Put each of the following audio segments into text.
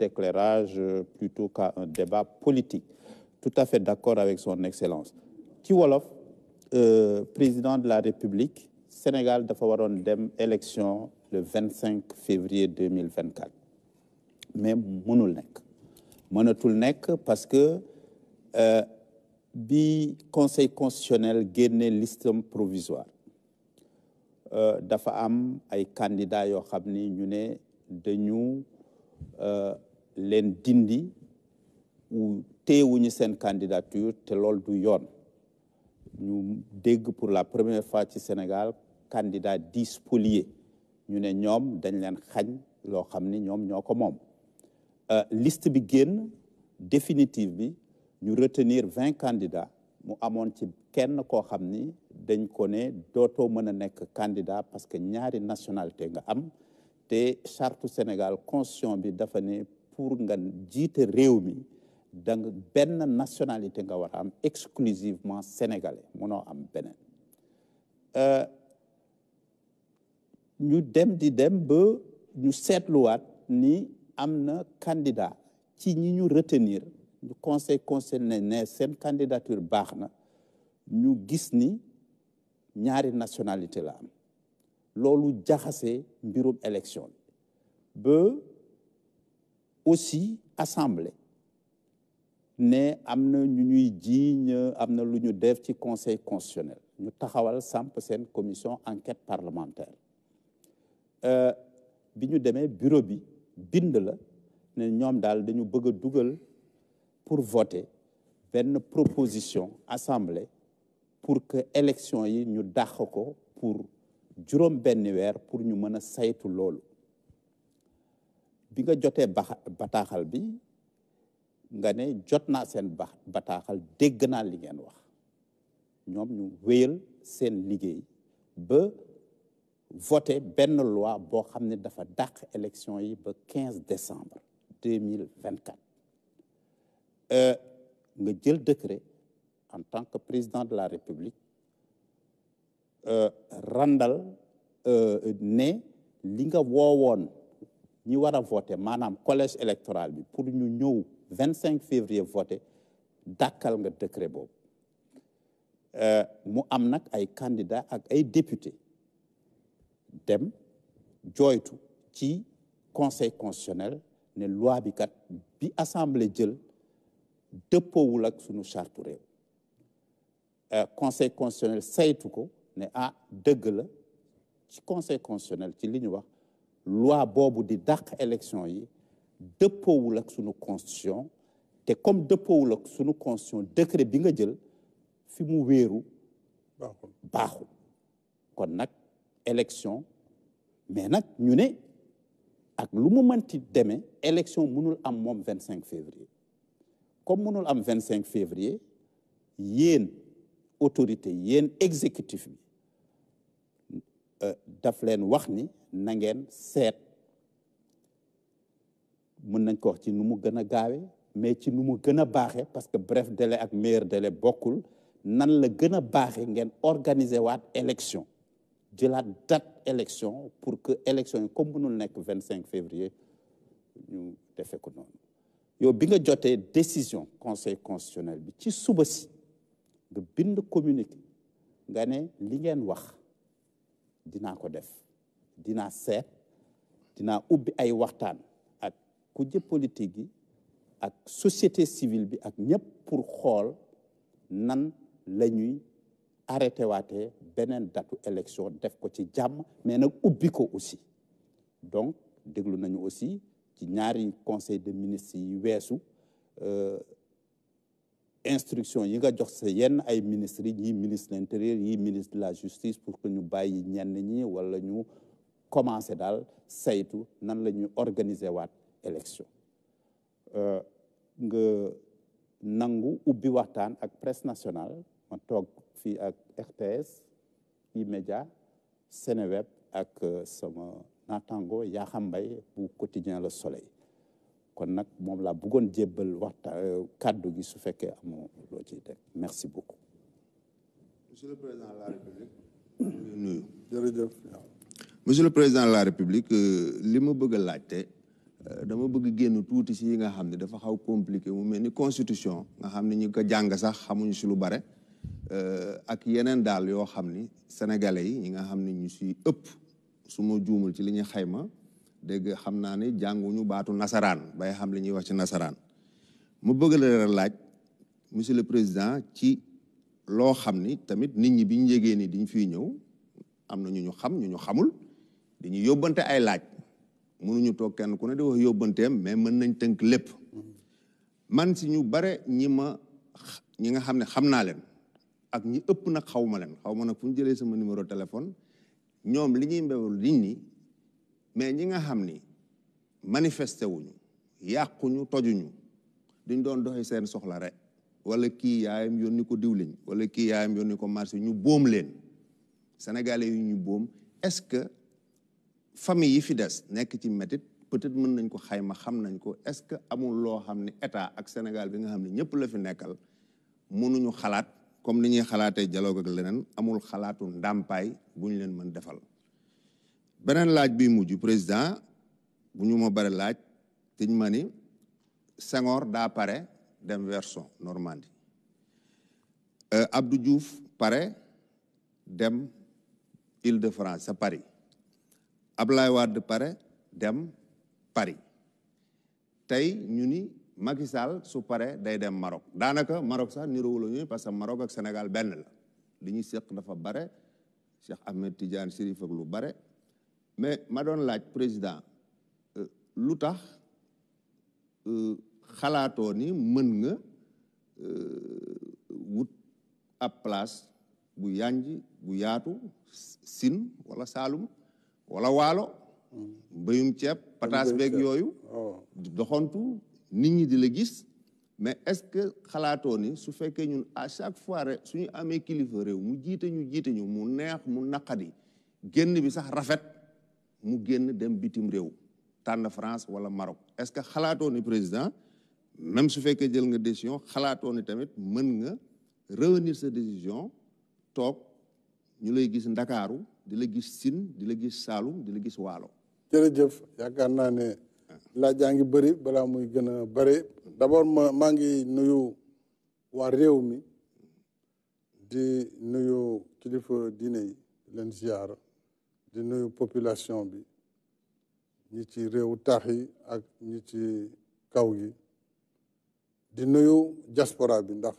d'éclairage euh, plutôt qu'à un débat politique. Tout à fait d'accord avec son excellence. ci wolof euh, président de la République Sénégal dafa waroon dem élection le 25 février 2024 mais mënul nekk mënatul nekk parce que euh, bi conseil constitutionnel génne listam provisoire dafa am ay candidats yoo xam ni ñu ne dañu leen dindi ou téewuñu seen candidature te loolu du yoon ñu dégg pour la première fois ci Sénégal candidat di spolié ñu ne ñoom dañ leen xañ loo xam ni ñoom ñoo ko moom euh, liste bi génn définitive bi ñu retenir vingt candidats mu amoon ci kenn koo xam ni dañ ko ne dootoo mën a nekk candidat parce que ñaari nationalité nga am te charte Sénégal constitution bi dafa ne pour nga jiite réew mi dang benn nationalité nga war am exclusivement sénégalais mënoo am beneen euh, ñu dem di dem ba ñu seetluwaat ni am na candidat ci ñi ñu retenir ñu conseil conseil ne ne seen candidature baax na ñu gis ni ñaari nationalité la am loolu jaxase mbirum élection bi aussi assemblée ne am na ñu ñuy jiiñ am na lu ñu def ci conseil constitutionnel ñu taxawal samp seen commission enquête parlementaire euh, bi ñu demee bureau bi bind la ne ñoom daal dañu bëgg a dugal pour voter benn proposition assemblée pour que élection yi ñu dàq ko pour juróom benn weer pour ñu mën a saytu loolu bi nga jotee ba bataaxal bi nga ne jot naa seen ba bataaxal dégg naa li wax ñoom ñu wéyal seen liggéey ba voté benn loi boo xam ne dafa dàq élection yi ba 15 décembre 2024 euh, nga jël décret en tant que président de la république euh, randal euh, ne li nga woowoon ñi war a maanaam collège électoral bi pour ñu ñëw 25 février voté dàkkal nga décret boobu euh, mu am nag ay candidat ak ay député dem joytu ci conseil constitutionnel ne loi bi kat bi assemblée jël dëppoowul ak sunu charte réew euh, conseil constitutionnel saytu ko ne ah dëgg la ci conseil constitutionnel ci li ñu wax loi boobu di dàq élection yi dëppoowul ak sunu constitution te comme dëppoowul ak sunu constitution décret bi nga jël fi mu wéeru baaxul kon nag élection mais nag ñu ne ak lu mu mënti demee élection mënul am moom vingt cinq février comme mënul am vingt cinq février yéen autorité yéen exécutif bi euh, daf leen wax ni na ngeen seet mën nañ ko wax ci nu mu gën a gaawe mais ci nu mu gën a baaxe parce que bref délai ak maire délai bokkul nan la gën a baaxe ngeen organiser waat élection jëlaat date élection pour que élection comme mënul nekk vingt cinq février ñu defe ko noonu yow bi nga jotee décision conseil constitutionnel bi ci suba si nga bind communiqué nga ne li ngeen wax dinaa ko def dinaa seet dinaa ubbi ay waxtaan ak kuje politique gi ak société civile bi ak ñëpp pour xool nan la ñuy arrêté waatee beneen datu élection def ko ci jàmm mais nag ubbi ko aussi donc déglu nañu aussi ci ñaari conseil de ministres yi weesu euh, instruction yi nga jox sa yenn ay ministres yi ministre de yi ministre de la justice pour que ñu bàyyi ñenn ñi walla ñu commencé daal saytu nan la ñuy organiser waat élection euh, nga nangu ubbi waxtaan ak presse nationale ma toog fii ak RTS E-Media Seneweb ak euh, sama naataango Yakham mbay bu quotidien Le Soleil kon nag moom laa bëggoon jébbal euh, kàddu gi su fekkee amoo loo ciy teg merci beaucoup monsieur monsieur le président de la république euh, li ma bëgg laajte euh, dama bëgg génn tuuti si yi nga xam ne dafa xaw compliqué mu mel ni constitution nga xam ne ñu ko jàng sax xamuñu si lu bare euh, ak yeneen daal yoo xam ni sénégalais yi ñi nga xam ne ñu si ëpp su ma juumul ci li ñuy xayma dégg xam naa ne jànguñu baatu nasaraan bay xam lañuy wax ci nasaraan mu bëgg la laaj monsieur le président ci loo xam ni tamit nit ñi biñ yégee ni diñ fi ñëw am na ñu ñu xam ñu ñu xamul dañuy yóbbante ay laaj mënuñu toog kenn ku ne di wax yóbbanteem mais mën nañ tënk lépp man si ñu bare ñi ma ñi nga xam ne xam naa leen ak ñi ëpp nag xaw ma leen xaw ma nag fu ñu jëlee sama numéro téléphone ñoom li ñuy mbewul liñ ni mais ñi nga xam ni manifesté wuñu yàquñu tojuñu duñ doon doxi seen soxla rek wala kii yaayam yónni ko diwliñ wala kii yaayam yónni ko marché ñu boom leen sénégalais yu ñu boom est-ce que famille yi fi des nekk ci métit peut-être mën nañ ko xayma xam nañ ko est-ce que amul loo xam ne état ak Sénégal bi nga xam ne ñëpp la fi nekkal mënuñu xalaat comme ni ñuy xalaatee dialogue ak leneen amul xalaatu ndàmpaay bu ñu leen mën defal beneen laaj bi mujj président bu ñu ma bare laaj tiñ ma ni Senghor daa pare dem version Normandie euh, abdu juuf pare dem Île-de-France à Paris ab laay Ablaye Wade pare dem pari tey ñu ni Macky Sall su pare day dem Maroc daanaka Maroc sax niroowula ñuy parce que Maroc ak Sénégal benn la li ñu seq dafa bare Cheikh Ahmed Tidiane Chérif ak lu bare mais ma doon laaj président euh, lu tax euh, xalaatoo ni mën nga euh, wut ab place bu yanj bu yaatu sin walla Saalum wala waalo mm. mbéyum ceeb pataas beeg yooyu oh. doxantu nit ñi di la gis mais est-ce que xalaatoo ni su fekkee ñun à chaque fois rek suñu amee kilifa réew mu jiite ñu jiite ñu mu neex mu naqadi génn bi sax rafet mu génn dem bitim réew tànn France wala Maroc est-ce que xalaatoo ni président même su fekkee jël nga décision xalaatoo ni tamit mën nga revenir sa décision toog ñu lay gis ndakaaru di la gis Siin di la gis Saalum di la gis Waalo jërëjëf yaakaar naa ne laaj yaa ngi bëri balaa muy gën a bëri d'abord ma maa ngi nuyu waa réew mi di nuyu kilifa diine yi leen ziar di nuyu population bi ñi ci réewu taax yi ak ñi ci kaw yi di nuyu diaspora bi ndax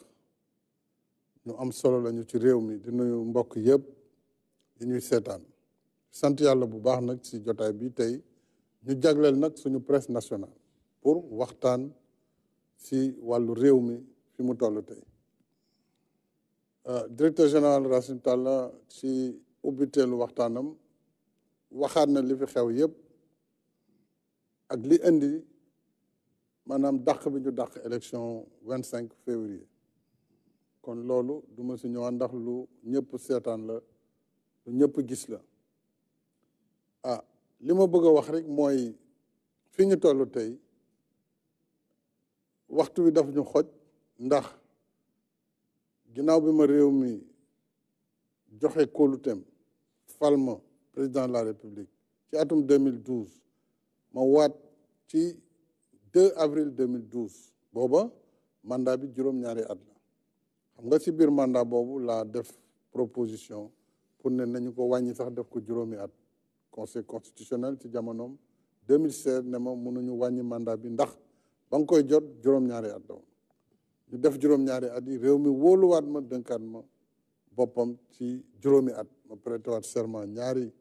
nu am solo lañu ci réew mi di nuyu mbokk yëpp di ñuy seetaan sant yàlla bu baax nag ci jotaay bi tey ñu jagleel nag suñu presse nationale pour waxtaan ci wàllu réew mi fi mu toll tey euh, directeur général Racine Talla ci ubbiteelu waxtaanam waxaat na li fi xew yépp ak li indi maanaam dàq bi ñu dàq élection vingt cinq février kon loolu du ma si ñëwaat ndax lu ñëpp seetaan la lu ñëpp gis la ah li ma bëgg a wax rek mooy fi ñu toll tey waxtu wi daf ñu xoj ndax ginnaaw bi ma réew mi joxe kóoluteem fal ma président de la république ci atum 2012 ma waat ci 2 avril 2012 booba mandat bi juróom-ñaari at la xam nga ci biir mandat boobu laa def proposition pour ne nañu ko wàññi sax def ko juróomi at conseil constitutionnel ci jamonoom 2016 ne ma mënuñu wàññi mandat bi ndax ba nga koy jot juróom-ñaari at la ñu def juróom-ñaari at yi réew mi wóoluwaat ma dënkaat ma boppam ci juróomi at ma prêtewaat serment ñaari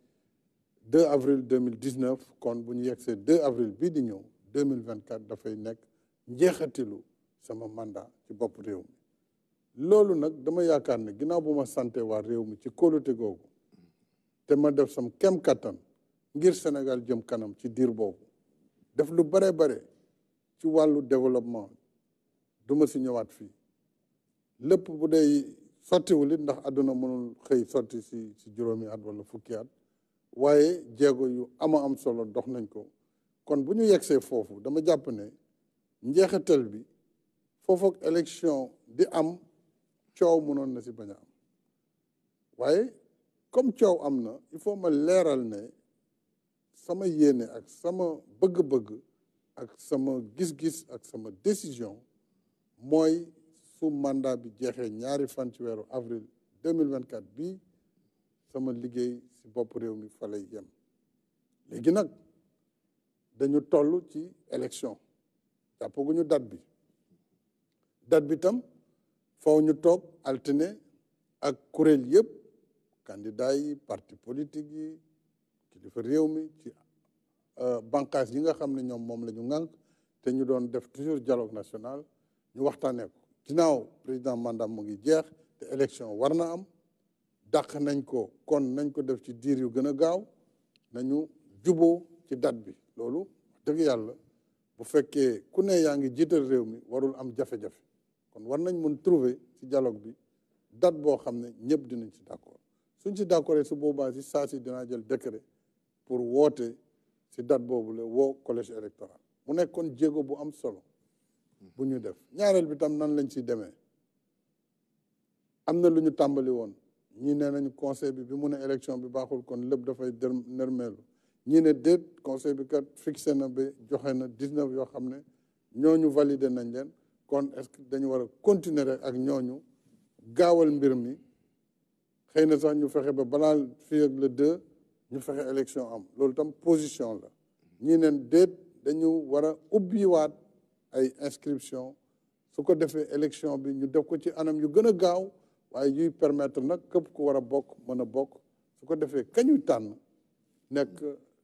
2 avril 2019 kon bu ñu yegsee 2 avril bii di ñëw 2024 dafay nekk njeexatilu sama mandat ci bopp réew mi loolu nag dama yaakaar ne ginnaaw bu ma sante waa réew mi ci kóolute googu te ma def sam kem kattan ngir Sénégal jëm kanam ci diir boobu def lu bare bare ci wàllu développement du ma si ñëwaat fii lépp bu dee sottiwul it ndax àdduna mënul xëy sorti si si juróomi at wala fukki at waaye jéego yu ama am solo dox nañ ko kon bu ñu yegsee foofu dama jàpp ne njeexital bi foofu ak élection di am coow mënoon na si bañ a am waaye comme coow am na il faut ma leeral ne sama yéene ak sama bëgg-bëgg ak sama gis-gis ak sama décision mooy su mandat bi jeexee ñaari fan ci weeru avril 2024 bii sama liggéey si bopp réew mi fa lay yem léegi nag dañu toll ci élection jàppaguñu date bi date bi tam faw ñu toog altine ak kuréel yëpp candidat yi parti politique yi kilifa réew mi ci euh, bànqaas yi nga xam ne ñoom moom la ñu ŋànk te ñu doon def toujours dialogue national ñu waxtaanee ko ginnaaw président mandat mu ngi jeex te élection war na am dàq nañ ko kon nañ ko def ci diir yu gën a gaaw nañu jubo ci dat bi loolu dëgg yàlla bu fekkee ku ne yaa ngi jiital réew mi warul am jafe-jafe kon war nañ mun trouver ci dialogue bi date boo xam ne ñëpp dinañ ci d'accord suñ ci d'accord su boobaa si saa si dinaa jël décret pour woote si date boobu la woo collège électoral mu nekkoon jéego bu am solo bu ñu def ñaareel bi tam nan lañ ciy demee am na lu ñu tàmbali woon ñii nee nañ conseil bi bi mu ne élection bi baaxul kon lépp dafay nërmeelu ñii ne déet conseil bi kat fixé na ba joxe na dix yoo xam ne ñooñu validé nañ leen kon est-ce que dañu war a continuer rek ak ñooñu gaawal mbir mi xëy na sax ñu fexe ba balaa fii ak le deux ñu fexe élection am loolu tam position la ñii neen déet dañu war a ubbiwaat ay inscription su ko defee élection bi ñu def ko ci anam yu gën a gaaw waaye yuy permettre nag képp ku war a bokk mën a bokk su ko defee kañu tànn nekk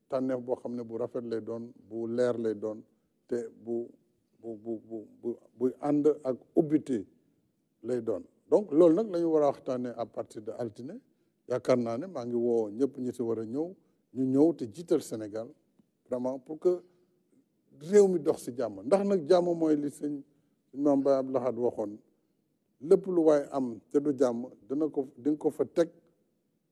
tànneef boo xam ne bu rafet lay doon bu leer lay doon te bu bu bu bu bu buy ànd ak ubbite lay doon donc loolu nag la ñu war a waxtaanee à partir de altine yaakaar naa ne maa ngi woo ñëpp ñi si war a ñëw ñu ñëw te jiital Sénégal vraiment pour que réew mi dox si jàmm ndax nag jàmm mooy li sëñ maam Baye Abdou Lahad waxoon lépp lu waaye am te du jàmm dina ko di nga ko fa teg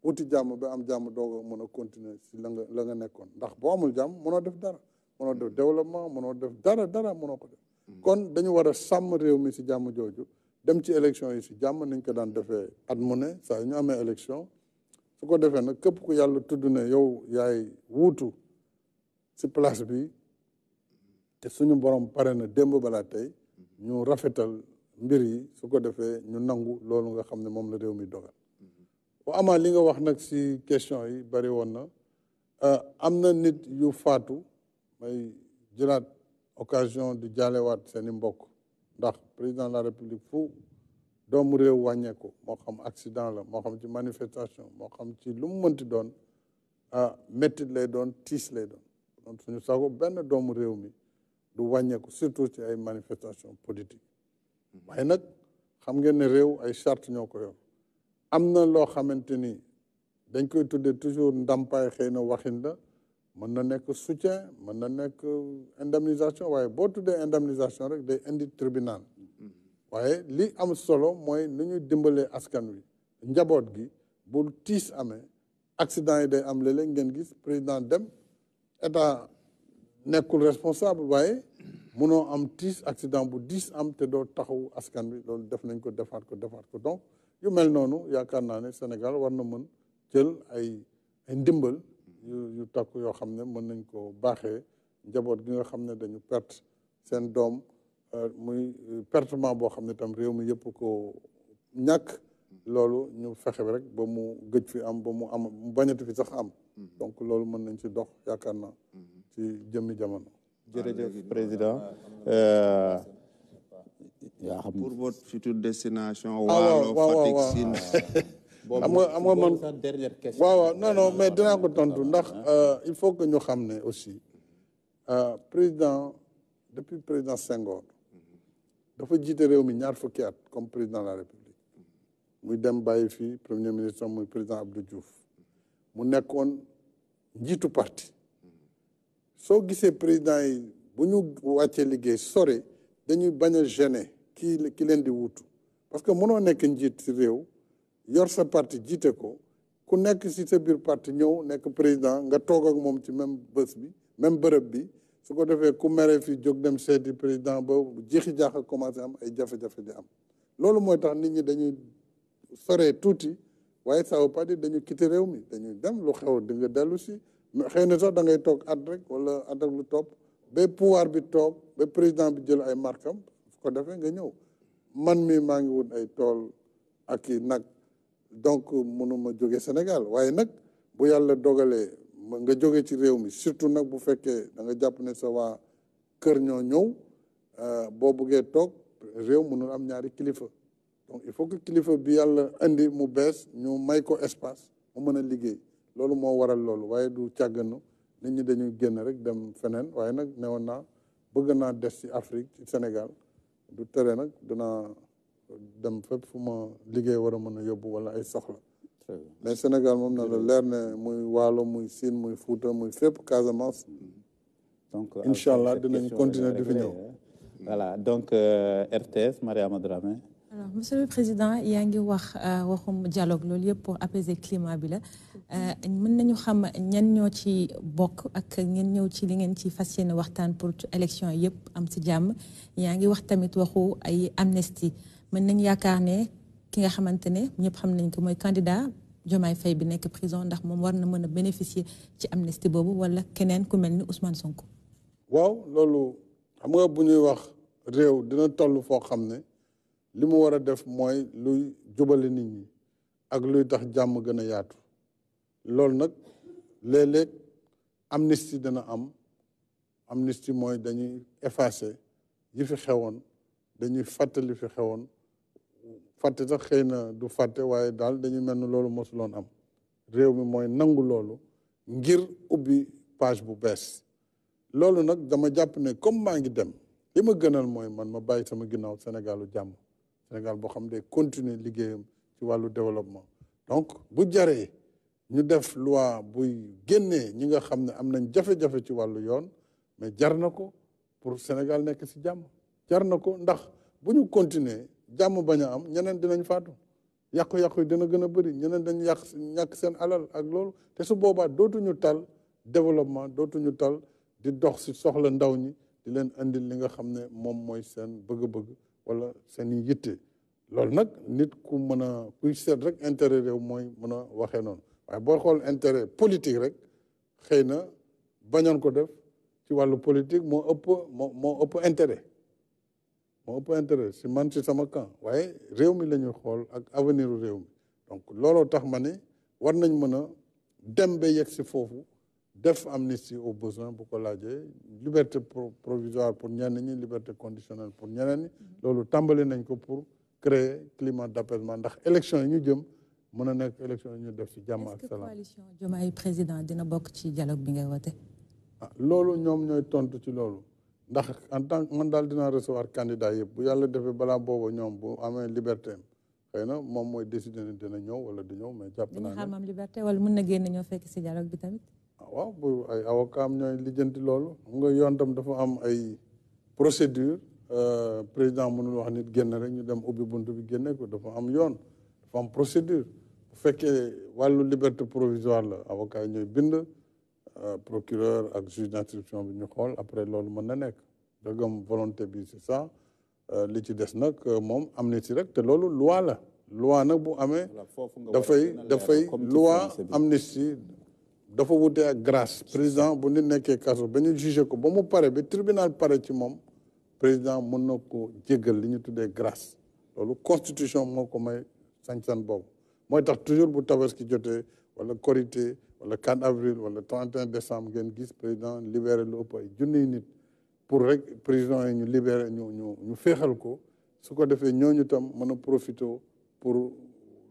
uti jàmm ba am jàmm doog a mën a continuer si la nga la nga nekkoon ndax boo amul jàmm mënoo def dara mënoo def mm-hmm. développement mënoo def dara dara mënoo ko def mm-hmm. kon dañu war a sàmm réew mi si jàmm jooju dem ci élection yi si jàmm nañ ko daan defee at mu ne saa yu ñu amee élection su ko defee nag képp ku yàlla tudd na yow yaay wuutu si place bi te suñu borom pare na démb balaa tey mm-hmm. ñu rafetal mbir yi su ko defee ñu nangu loolu nga xam ne moom la réew mi dogal wa amaa li nga wax nag si question yi bari woon na ah, am na nit yu faatu may jëlaat occasion di jaalewaat seen i mbokk ndax président de la république fu doomu réew wàññeeku moo xam accident la moo xam ci manifestation moo xam ci lu mu mënti doon ah méttit lay doon tiis lay doon donc suñu sago benn doomu réew mi du wàññeeku surtout ci ay manifestation politique waaye nag xam ngeen ne réew ay charte ñoo ko am na loo xamante ni dañ koy tuddee toujours ndàmpaay xëy na waxin la mën na nekk soutien mën na nekk indemnisation waaye boo tuddee indemnisation rek day indi tribunal waaye li am solo mooy nu ñuy dimbalee askan wi njaboot gi bu tiis amee accident yi day am léeg ngeen gis président dem état nekkul responsable waaye mënoo am tiis accident bu diis am te doo taxawu askan wi loolu def nañ ko defaat ko defaat ko donc yu mel noonu yaakaar naa ne Sénégal war na mën jël ay ay ndimbal yu yu takku yoo xam ne mën nañ koo baaxee njaboot gi nga xam ne dañu perte seen doom euh, muy pertement boo xam ne tam réew mi yëpp ko ñàkk loolu ñu fexe rek ba mu gëj fi am ba mu am mu bañati fi sax am mm-hmm. donc loolu mën nañ si dox yaakaar naa mm-hmm. ci jëmmi jamono jërëjëf président yaa xam euh, pour votre future destination ah, waalo Fatick Sine am nga am man dernière waaw waaw non non mais dinaa ko tontu ndax euh, il faut que ñu xam ne aussi euh, président depuis président Senghor dafa jiite réew mi ñaar fukki at comme président la République muy dem bàyyi fii premier ministre muy président Abdou Diouf mu nekkoon njiitu parti soo gisee président yi bu ñu wàccee liggéey sore dañuy bañ a gêner kii ki leen di wutu parce que mënoo nekk njiit ci réew yor sa parti jiite ko ku nekk si sa biir parti ñëw nekk président nga toog ak moom ci même bés bi même bërëb bi su ko defee ku mere fii jóg dem seeti président ba jeexi jaax a commencé am ay jafe-jafe di am loolu mooy tax nit ñi dañuy soree tuuti waaye ça veut dañuy dire réew mi dañuy dem lu xew di dellu si xëy na sax da ngay toog at rek wala at ak lu topp ba pouvoir bi toog ba président bi jël ay markam su ko defee nga ñëw man mi maa ngi wut ay tool ak i nag donc mënuma jóge Sénégal waaye nag bu yàlla dogalee nga jóge ci réew mi surtout nag bu fekkee da nga jàpp ne sa kër ñoo ñëw euh, boo buggee toog réew mënul am ñaari kilifa donc il faut que kilifa bi yàlla indi mu bees ñu may ko espace mu mën a liggéey loolu moo waral loolu waaye du càgganu nit ñi dañuy génn rek dem feneen waaye nag newoon naa bëgg naa des ci Afrique ci Sénégal du tere nag danaa dem fépp fu ma liggéey war a mën a yóbbu wala ay soxla mais Sénégal moom na la leer ne muy Waalo muy Siin muy Fuuta muy fépp Casamance mm-hmm. donc euh, incha allah dinañ continuer di fi voilà donc euh, RTS Mariama Dramé alors monsieur le président yaa ngi wax euh, waxum dialogue loolu yëpp pour apaiser climat bi la mën nañu xam ñan ñoo ci bokk ak ngeen ñëw ci li ci fas yéene waxtaan pour élection yëpp am si jàmm yaa ngi waxu ay mën nañ yaakaar ne ki nga xamante ne ñëpp xam nañ ko mooy candidat Diomaye Faye bi nekk prison ndax moom war na mën a bénéficier ci amnistie boobu wala keneen ku mel ni Ousmane Sonko. waaw loolu xam nga bu ñuy wax réew dina toll foo xam ne li mu war a def mooy luy jubale nit ñi ak luy tax jàmm gën a yaatu loolu nag léeg-léeg amnistie dana am amnistie mooy dañuy effacer yi fi xewoon dañuy fàttali fi xewoon. fàtte sax xëy na du fàtte waaye daal dañu mel ni loolu mosuloon am réew mi mooy nangu loolu ngir ubbi page bu bees loolu nag dama jàpp ne comme maa ngi dem li ma gënal mooy man ma bàyyi sama ginnaaw Sénégalu jàmm Sénégal boo xam ne continuer liggéeyam ci wàllu développement donc bu jaree ñu def loi buy génnee ñi nga xam ne am nañ jafe-jafe ci wàllu yoon mais jar na ko pour Sénégal nekk si jàmm jar na ko ndax bu ñu continuer jàmm bañ a am ñeneen dinañ faatu yàqu-yàqu yi dina gën a bëri ñeneen dañ yàq ñàkk seen alal ak loolu te su boobaa dootuñu tal développement dootuñu tal di dox si soxla ndaw ñi di leen indil li nga xam ne moom mooy seen bëgg-bëgg wala seen yitte loolu nag nit ku mën a kuy seet rek intérêt réew mooy mën a waxee noonu waaye boo xool intérêt politique rek xëy na bañoon ko def ci wàllu politique moo ëpp moo moo ëpp intérêt moo pour intérêt si man si sama camp waaye réew mi la ñuy xool ak avenir réew mi donc looloo tax ma ne war nañ mën a dem ba yegg si foofu def amnistie au besoin bu ko laajee liberté provisoire pour ñenn ñi liberté conditionnelle pour ñeneen ñi mm-hmm. loolu tàmbali nañ ko pour créer climat d'apaisement ndax élection yi ñu jëm mën a nekk élection yi ñu def si jàmm ak salaam. est-ce que coalition Diomaye président dina bokk ci dialogue bi ngay woote. ah loolu ñoom ñooy tontu ci loolu. ndax en tant que man daal dinaa recevoir candidat yëpp bu yàlla defee balaa booba ñoom bu amee liberté am xëy na moom mooy décidé ne dina ñëw wala du ñëw mais jàpp naa ne xam am liberté wala mën na génn ñoo fekk si dialogue bi tamit ah, waaw bu ay am ñooy lijjanti loolu xam nga yoon tam dafa am ay procédure euh, président mënul wax nit génn rek ñu dem ubbi bunt bi génne ko dafa am yoon dafa am procédure bu fekkee wàllu liberté provisoire la avocat yi ñooy bind Euh, procureur ak juge d'instruction bi ñu xool après loolu mën na nekk dëggam volonté bi c'est ça euh, li ci des nag euh, moom amnistie rek te loolu loi la loi nag bu amee dafay dafay loi amnistie dafa wute ak grâce président bu nit nekkee kaso ba ñu jugé ko ba mu pare ba tribinal pare ci moom président mën na ko jéggal li ñu tuddee grâce loolu constitution moo ko may sañ-sañ boobu mooy tax toujours bu tabaski jotee wala korité wala 4 avril wala 31 décembre ngeen gis président libéré lu ëpp ay junniy nit pour rek président yi ñu libéré ñu ñu ñu féexal ko su ko defee ñooñu tam mën a profité pour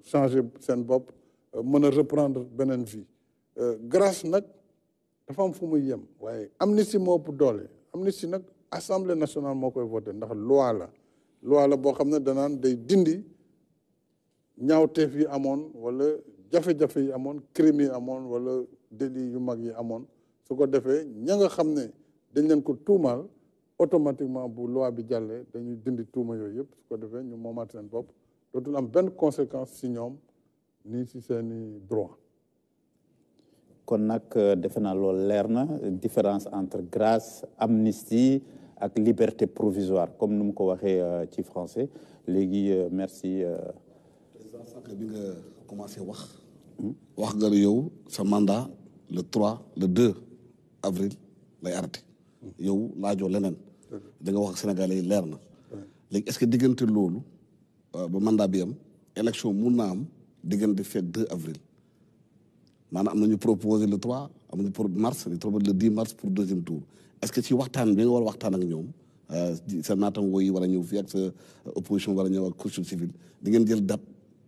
changé seen bopp euh, mën a reprendre beneen vie euh, grâce nag dafa am fu muy yem waaye amnistie moo ëpp doole amnistie nag assemblée nationale moo koy voté ndax loi la loi boo xam ne danaan day dindi ñaawteef yi amoon wala jafe-jafe yi amoon crime yi amoon wala délit yu mag yi amoon su ko defee ña nga xam ne dañ leen ko tuumaal automatiquement bu loi bi jàllee dañuy dindi tuuma yooyu yëpp su ko defee ñu moomaat seen bopp dootul am benn conséquence si ñoom nii si seeni droit kon nag euh, defe naa lool leer na différence entre grâce amnistie ak liberté provisoire comme nu mu ko waxee euh, ci français léegi euh, merci président sànq bi nga commencé wax wax nga ne yow sa mandat le trois le 2 avril lay arrêté. yow laajoo leneen. da nga wax ak Sénégalais leer na. léegi est-ce que diggante loolu euh, ba mandat bi am élection mun naa am diggante fekk 2 avril maanaam am nañu proposé le 3 am nañu pour mars le 3 mars pour deuxième tour est-ce que si waxtaan bi nga war a waxtaan ak ñoom. Euh, sa naataangoo yi wala ñëw fii ak sa opposition war a ñëw ak société civile di ngeen jël date.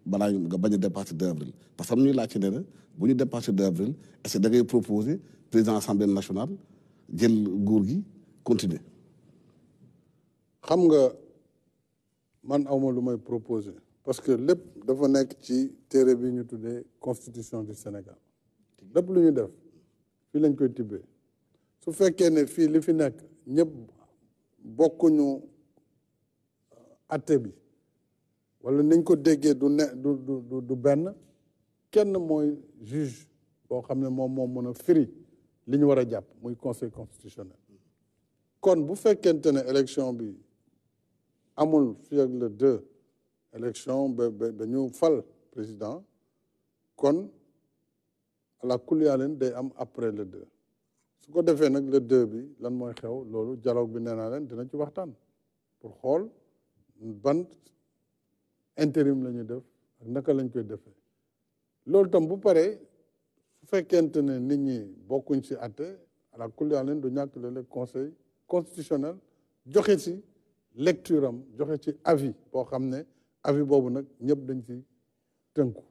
balaa ñu nga bañ a dépasser 2 avril parce que am ñuy laajte ne ne bu ñu dépasser de avril est-ce que da proposer président assemblée nationale jël nguur gi continuer. xam nga man awma lu may proposer parce que lépp dafa nekk ci téere bi ñu tuddee constitution du Sénégal lépp lu ñu def fii lañ koy tibbee su fekkee ne fii li fi nekk ñëpp bokkuñu atte bi. wala niñ ko déggee du ne du du benn kenn mooy juge boo xam ne moom moo mën a firi li ñu war a jàpp muy conseil constitutionnel kon bu fekkente ne élection bi amul fii le deux élection ba ba ñu fal président kon ala kulyaa leen day am après le deux su ko defee nag le deux bi lan mooy xew loolu dialogue bi nee naa leen dina ci waxtaan pour xool ban intérim la ñu def ak naka lañ koy defe loolu tam bu paree su fekkente ne nit ñi bokkuñ ci àtte ala kulli leen du ñàkk le conseil constitutionnel joxe ci lecture am joxe ci avis boo xam ne avis boobu nag ñëpp dañ ci tënku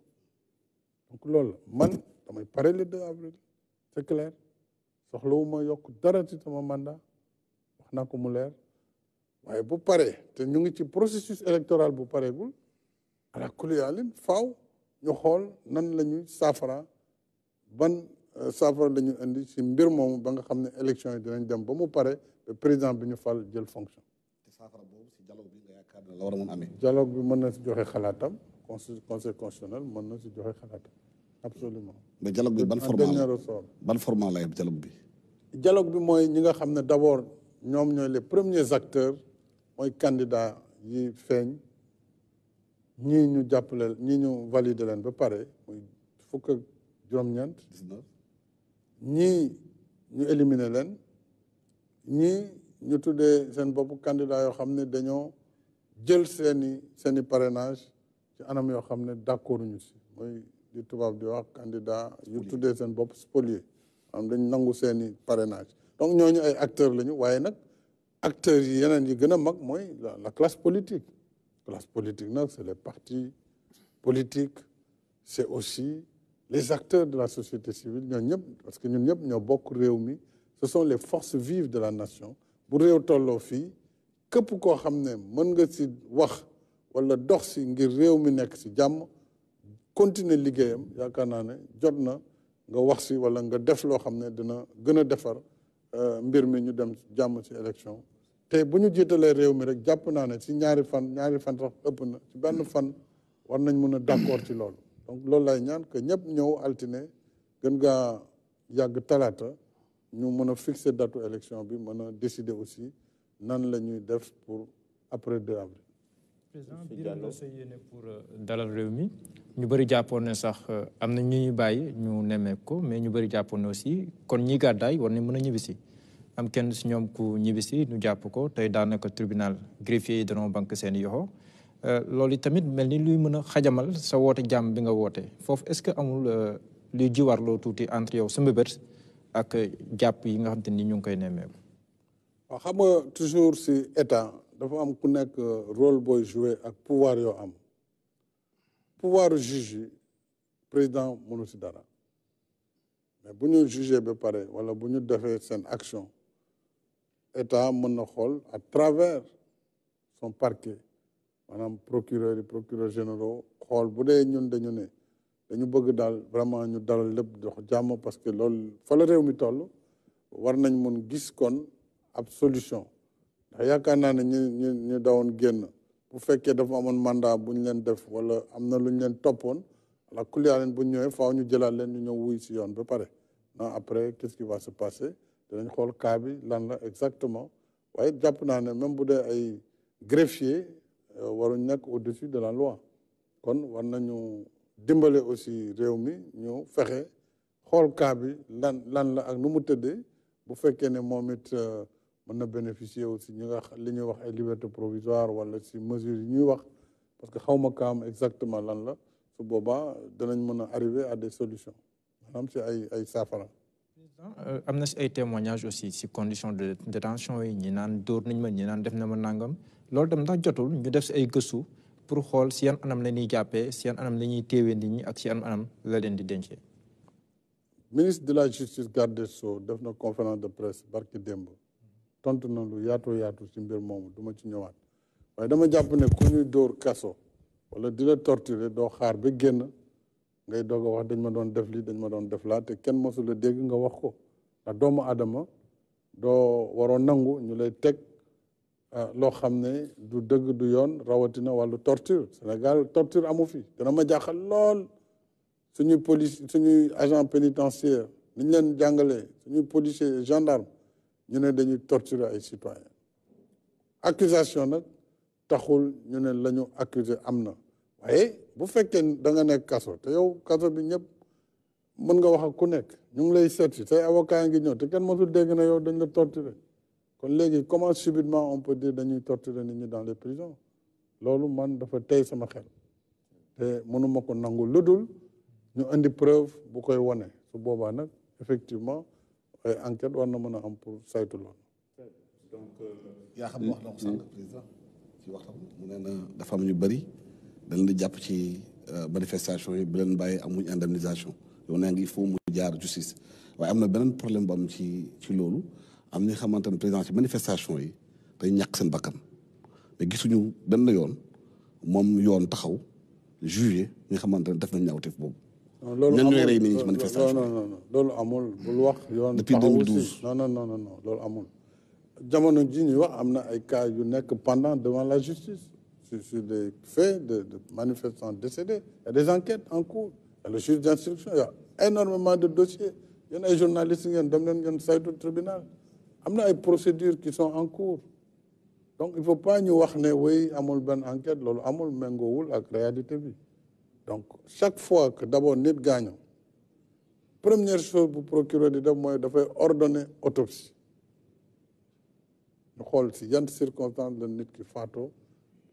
donc loolu man damay pare le 2 avril c'est clair soxlawuma yokk dara ci sama mandat wax naa ko mu leer waaye bu pare te ñu ngi ci processus électoral bu pareegul ala kulli yaalin faaw ñu xool nan la ñu saafara ban euh, saafara la indi si mbir moom ba nga xam ne élection yi dinañ dem ba mu pare président bi ñu fal jël fonction. te saafara boobu si dialogue bi nga yaakaar ne la mën bi mën na si joxe xalaatam conseil conseil mën na si joxe xalaatam absolument. mais dialogue bi ban format la ban format lay am dialogue bi. jaloog bi mooy ñi nga xam ne d' abord ñoom ñooy les premiers acteurs mooy candidat yi feeñ. ñii ñu jàppale ñii ñu valide leen ba pare muy fukk ak ñii ñu éliminer leen ñi ñu tuddee seen bopp candidat yoo xam ne dañoo jël seeni seeni parrainage ci anam yoo xam ne d'accord ñu si mooy di tubaab di wax candidat yu tuddee seen bopp spolié am dañ nangu seeni parrainage donc ñooñu ay acteurs lañu waaye nag acteurs yi yeneen yi gën a mag mooy la classe politique classe politique nag c'est les partis politiques c'est aussi les acteurs de la société civile ñoo ñëpp parce que ñun ñëpp ñoo bokk réew mi ce sont les forces vives de la nation bu réew tolloo fii képp koo xam ne mën nga si wax walla dox ci ngir réew mi nekk si jàmm continuer liggéeyam yaakaar naa ne jot na nga wax si wala nga def loo xam ne dina gën a defar euh, mbir mi ñu dem jàmm si élection te bu ñu jiitalee réew mi rek jàpp naa ne si ñaari fan ñaari fan sax ëpp na ci benn fan war nañ mën a d'accord ci loolu donc loolu lay ñaan que ñëpp ñëw altine gën gaa yàgg talaata ñu mën a fixer datu élection bi mën a décider aussi nan la ñuy def pour après 2 avril. président di la sa yéene pour euh, dalal réew mi ñu bëri jàppoon ne sax euh, am na ñu ñuy bàyyi ñu nemmeeku ko mais ñu bari jàppoon ne aussi kon ñi gàddaay war nañ mën a ñibbisi. am kenn si ñoom ku ñibbisi ñu jàpp ko tey daanaka tribunal greffier yi danoo banque seen yoxo euh, loolu tamit mel ni luy mën a xajamal sa woote jàmm bi nga woote foofu est-ce que amul euh, luy jiwarloo tuuti entre yow sa mbébét ak jàpp yi nga xam te ni ñu ngi koy nemmeeku. waaw xam nga toujours si état dafa am ku nekk euh, rôle booy jouer ak pouvoir yoo am pouvoir juge yi président mënu si dara mais bu ñu jugee ba pare wala bu ñu defee seen action. état mën na xool à travers son parquet maanaam procureur yi procureur généraux xool bu dee ñun dañu ne dañu bëgg daal vraiment ñu dalal lépp dox jàmm parce que loolu fa la réew mi toll war nañ mën gis kon ab solution ndax yaakaar naa ne ñu ñu ñu dawoon génn bu fekkee dafa amoon mandat bu ñu leen def wala am na lu ñu leen toppoon la kuliyaa leen bu ñëwee faaw ñu jëlaat leen ñu ñëw wuy si yoon ba pare non après qu'est-ce qui va se passer danañ xool cas bi lan la exactement waaye jàpp naa ne même bu dee ay greffier euh, waruñ nekk au-dessus de la loi kon war nañu dimbale aussi réew mi ñu fexe xool cas bi lan lan la ak nu mu tëddee bu fekkee ne moom it euh, mën na bénéficier aussi ñi nga li ñuy wax ay liberté provisoire wala si mesure yi ñuy wax parce que xaw ma kaam exactement lan la su boobaa danañ mën a arriver à des solutions maanaam si ay ay saafara Euh, am na si ay témoignages aussi si condition de détention yi ñi naan dóor nañ ma ñi naan def na ma nangam loolu tam ndax jotul ñu def si ay gëstu pour xool si yan anam la jàppee si yan anam la ñuy téewee nit ñi ak si yan anam la leen di dencee. ministre de la justice garde des sceaux def na conférence de presse barki démb tontu na lu yaatu yaatu si mbir moomu du ma ci ñëwaat waaye dama jàpp ne ku ñuy dóor kaso wala di la torturer doo xaar ba génn. ngay doog a wax dañ ma doon def lii dañ ma doon def laa te kenn mosul dégg nga wax ko ndax doomu aadama doo waroon nangu ñu lay teg ah, loo xam ne du dëgg du yoon rawatina wàllu torture Sénégal torture amu fi dana ma jaaxal lool suñuy police suñuy agent pénitentiaire ni ñu leen jàngalee suñuy policier gendarme ñu ne dañuy torturer ay citoyen accusation nag taxul ñu ne la ñu accuser am na waaye bu fekkee da nga nekk kaso te yow kaso bi ñëpp mën nga wax ak ku nekk ñu ngi lay seet si tey avocat ngi ñëw te kenn mosul dégg na yow dañ la torturer kon léegi commence subitement on peut dire dañuy torturer nit ñi dans les prisons loolu man dafa tey sama xel te mënuma ko nangu lu dul ñu indi preuve bu koy wane su boobaa nag effectivement ay enquête war na mën a am pour saytu loolu. donc euh, yaa xam wax na ko sànq mu ne na dafa am ñu bëri. da leen jàpp ci euh, manifestation yi bu leen bàyyi amuñ indemnisation yow nee nga il mu jaar justice waaye am na beneen problème bu am ci ci loolu am na xamante ne président ci manifestation yi day ñàkk seen bakkan mais gisuñu benn yoon moom yoon taxaw juillet ñi xamante ne def nañ ñaawteef boobu. loolu amul ñan rey nit loolu amul. bul wax yoon depuis 2012 non non non non loolu ji ñuy wax am na ay cas yu nekk pendant devant la justice. sur, des faits de, de, manifestants décédés. Il y enquêtes en cours. Il y a le juge d'instruction. y a énormément de dossiers. Il y a des journalistes qui ont tribunal. Il y a des procédures qui sont en cours. Donc, il ne faut pas nous dire oui, amul ben enquête, loolu amul mengoul la réalité Donc, chaque fois que d'abord nous gagnons, première chose pour procurer des moyens de faire ordonner autopsie. Nous avons si circonstances de nit qui fato,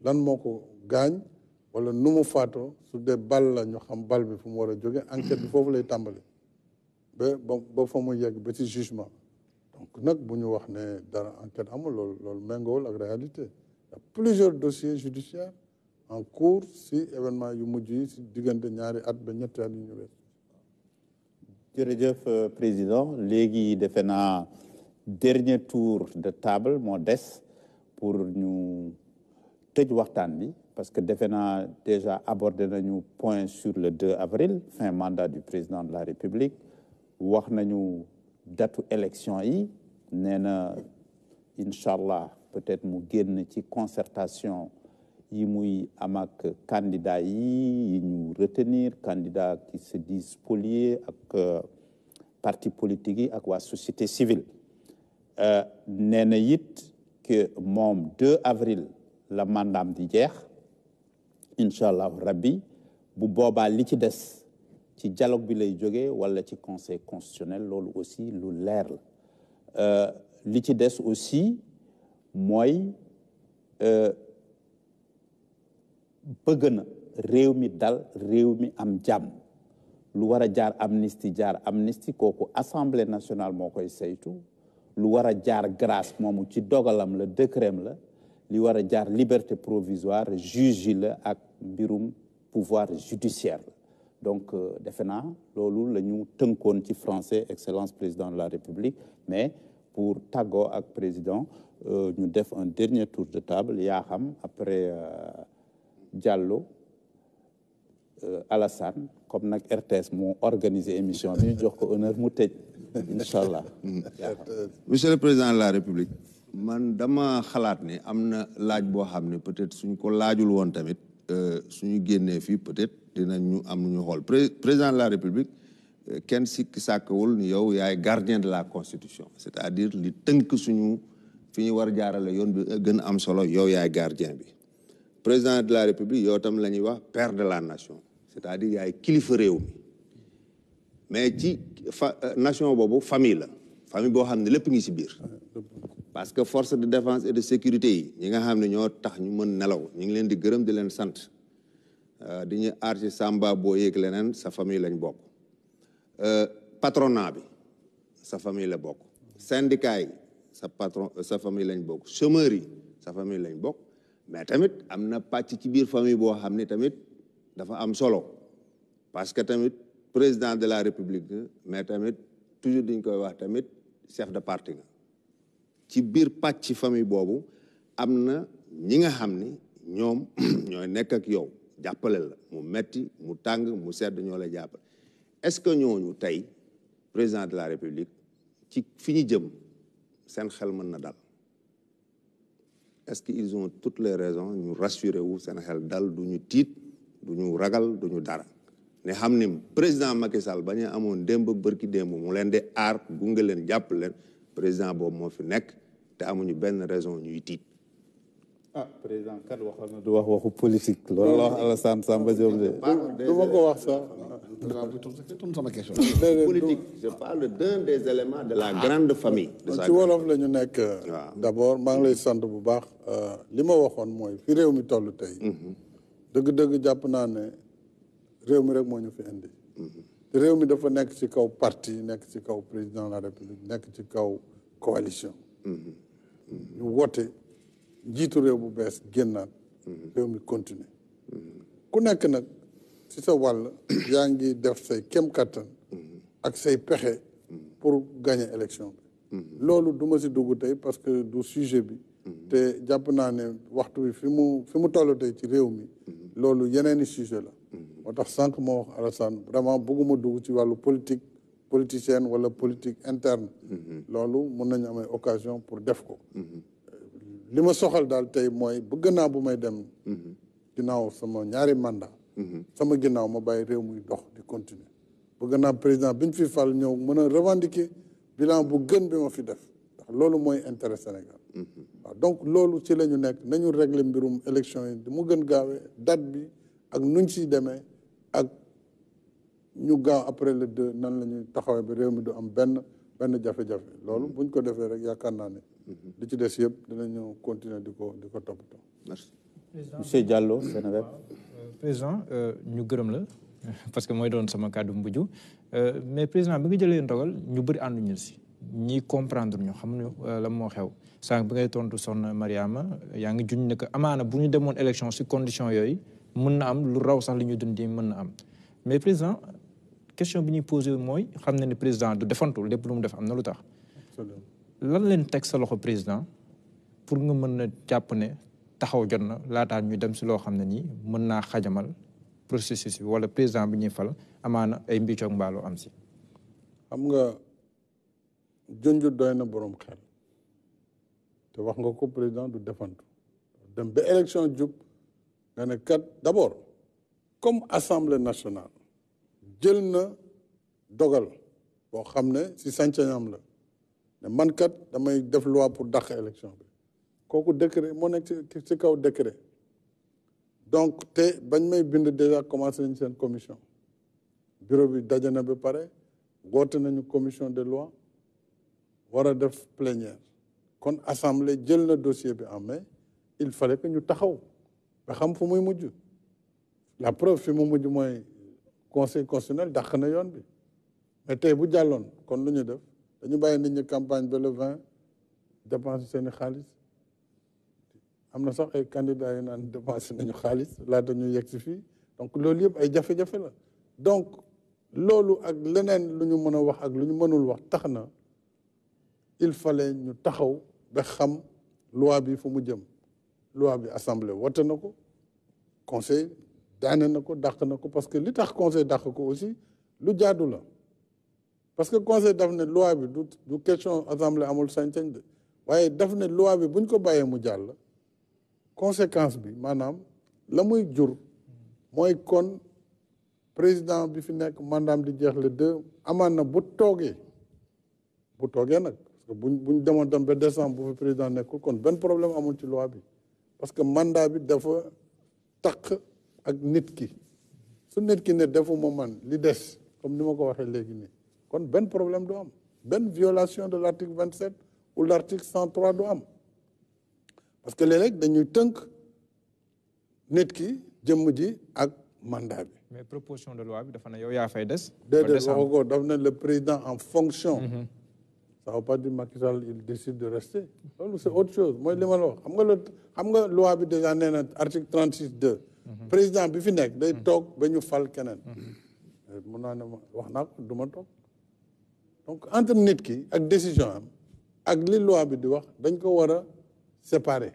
lan moo ko gaañ wala nu mu faatoo su dee bal la ñu xam bal bi fu mu war a jóge enquête bi foofu lay tàmbali ba ba fa mu yegg ba ci jugement donc nag bu ñu wax ne dara enquête amul lool loolu méngoowul ak réalité y a plusieurs dossiers judiciaires en cours si événement yu mujj yi si diggante ñaari at ba ñetti at yu ñu wees jërëjëf euh, président léegi defe naa dernier tour de table moo des pour ñu tëj waxtaan bi parce que defe naa déjà aborde nañu point sur le 2 avril fin mandat du président de la république wax nañu datu élection yi nee na incha allah peut-être mu génn ci concertation yi muy amak kandida candidat yi yi ñu retenir candidat qui se disent spoliés ak euh, parti politique yi ak waa société civile euh, nee na it que moom 2 avril la mandaam di jeex incha allahu rabbi bu boobaa li ci des ci dialogue bi lay jóge wala ci conseil constitutionnel loolu aussi lu leer la euh, li ci des aussi mooy euh, bëgg na réew mi dal réew mi am jàmm lu war a jaar amnistie jaar amnistie kooku assemblée nationale moo koy saytu lu war a jaar grâce moomu ci dogalam la décret la li war a jaar liberté provisoire juge la ak mbirum pouvoir judiciaire la donc euh, defe naa loolu la ñu tënkoon ci français excellence président de la république mais pour tàggoo ak président euh, ñu def un dernier tour de table yaa xam après euh, Diallo Alassane comme nag RTS moo organiser émission bi jox ko honneur mu tëj incha allah mm. monsieur le président de la république man dama xalaat ne am na laaj boo xam ne peut-être suñ ko laajul woon tamit euh, suñu génnee fii peut-être ñu am nu ñu xool président de la république euh, kenn sikk sàkkawul ni yow yaay gardien de la constitution c'est-à-dire li tënk suñu fi ñu war jaarale yoon bi euh, gën a am solo yow yaay gardien bi président de la république yow tam la ñuy wax per de la nation c'est-à-dire yaay kilifa réew mi mais ci fa nation boobu famille la famille boo xam ne lépp ngi si biir parce que force de défense et de sécurité yi ñi nga xam ne ñoo tax ñu mën nelaw ñu ngi leen di gërëm di leen sant euh, di ñu aar ci samba boo yéeg leneen sa famille lañ bokk euh, patronat bi sa famille la bokk syndicat yi sa patron euh, sa famille lañ bokk chômeur yi sa famille lañ bokk mais tamit am na pàcc ci biir famille boo xam ne tamit dafa am solo parce que tamit président de la république mais tamit toujours diñ koy wax tamit chef de parti nga ci biir pàcc famille boobu am na ñi nga xam ni ñoom ñooy nekk ak yow jàppale la mu metti mu tàng mu sedd ñoo la jàppale est-ce que ñooñu tey président de la république ci fi ñu jëm seen xel mën na dal est-ce que ils ont toutes les raisons ñu rassurer wu seen xel dal du ñu tiit du ñu ragal du ñu dara ne xam ni président Macky Sall bañ a amoon démb bërki démb mu leen di aar gunge leen jàpp président boobu moo fi nekk te amuñu benn raison ñuy tiit. ah président kat waxoon na du wax waxu politique. loolu la wax Alassane Samba Diop de. du ma ko wax sax. sama question. politique je parle d'un des de la ah. grande famille. de sa ci wolof la ñu nekk. d'abord maa ngi lay sant bu baax. Euh, li ma waxoon mooy fi réew mi toll tey. Mhm. dëgg-dëgg jàpp naa ne réew mi rek moo ñu fi indi. Mhm. réew mi dafa nekk ci kaw parti nekk ci kaw président de la république nekk ci kaw coalition mm-hmm. ñu woote njiitu réew bu bees génnaat mm-hmm. réew mi continuer ku nekk nag ci sa wàll mm-hmm. yaa ngi def say kem kattan ak say pexe pour gagner élection bi loolu duma si dugg tey parce que du sujet bi te jàpp naa ne waxtu wi fi mu fi mu toll tey ci réew mi loolu yeneeni sujet la moo tax sànq moo wax Alassane vraiment bëgguma dugg ci wàllu politique politicienne wala politique interne mm-hmm. loolu mën nañu amee occasion pour def ko mm-hmm. li ma soxal daal tey mooy bëgg naa bu may dem mm-hmm. ginnaaw sama ñaari mandat sama ginnaaw ma bàyyi réew muy dox di continuer bëgg naa président bi ñu fi fal ñëw mën a revendiquer bilan bu gën bi ma fi def ndax loolu mooy intérêt Sénégal waaw donc loolu ci la ñu nekk nañu régler mbirum élection yi mu gën gaawee date bi ak nuñ ciy demee ak ñu gaaw après le deux nan la taxawee ba réew mi du am benn benn jafe-jafe loolu buñ ko defee rek yaakaar naa ne di mhm. ci des yëpp dinañu continuer di ko di ko toppatoo merci monsieur Diallo Seneweb euh, président euh, ñu gërëm la parce que mooy doon sama kàddu mbuju euh, mais président bi nga jëlee ndogal ñu bëri ànduñu si ñi comprendre ñu xam ne la moo xew sànq bi ngay tontu sonn Mariama yaa ngi juñ ne amaana bu ñu demoon élection si condition yooyu mën na am lu raw sax li ñu dundee mën na am mais président question bi ñuy posé mooy xam na ne président du defantul lépp lu mu def am na lu tax. lan leen teg sa loxo président pour nga mën na jàpp ne taxaw jot na laataa ñu dem si loo xam ne nii mën naa xajamal processus bi wala président bi ñuy fal amaana ay mbiccoog mbaaloo am si. xam nga junj doy na boroom xel te wax nga ko président du defantu dem ba élection jub. nga ne kat d'abord comme assemblée nationale jël na dogal boo xam ne si sañ-sañam la ne man kat damay def loi pour dàq élection bi kooku décret moo nekk ci ci kaw décret donc te bañ may bind déjà commencé nañ seen commission bureau bi daje na ba pare woote nañu commission de loi war a def plénière kon assemblée jël na dossier bi en mai il fallait que ñu taxaw ba xam fu muy mujj la preuve fi mu mujj mooy conseil constitutionnel dàq na yoon bi mais tey bu jàlloon kon lu ñu def dañu bàyyi nit ñi campagne ba le vingt dépense seeni xaalis am na sax ay candidats yu naan dépensé nañu xaalis laata ñu yegg si fii donc loolu yëpp ay jafe-jafe la donc loolu ak leneen lu ñu mën a wax ak lu ñu mënul wax tax na il fallait ñu taxaw ba xam loi bi fu mu jëm loi bi assemblée wote na ko conseil daane na ko dàq na ko parce que li tax conseil dàq ko aussi lu jaadu la parce que conseil daf ne loi bi du du question assemblée amul sañ-sañ de waaye daf ne loi bi buñ ko bàyyee mu jàll conséquence bi maanaam la muy jur mooy kon président bi fi nekk mandaam di jeex le deux amaan na bu toogee bu toogee nag parce que bu buñ demoon tam ba décembre bu fi président nekkul kon benn problème amul ci loi bi parce que mandat bi dafa taq ak nit ki su nit ki ne defuma man li des comme ni ma ko waxee léegi nii kon benn problème du am benn violation de l'article vingt sept ou l'article cent trois du am parce que léeg-léeg dañuy tënk nit ki jëmm ji ak mandat bi. mais proposition de loi bi dafa na yow yaa fay des. déedéet sax ko daf ne le président en fonction. Mm-hmm. ça veut pas dire Macky Sall il décide de rester loolu c'est autre chose mooy li la wax xam nga la xam nga loi bi déjà nee na article trente six deux mhm. président bi fi nekk day mhm. toog ba ñu fal keneen mhm. euh, mun naa ne wax naa ko du toog donc entre nit ki ak décision am ak li loi bi di wax dañ ko war a séparer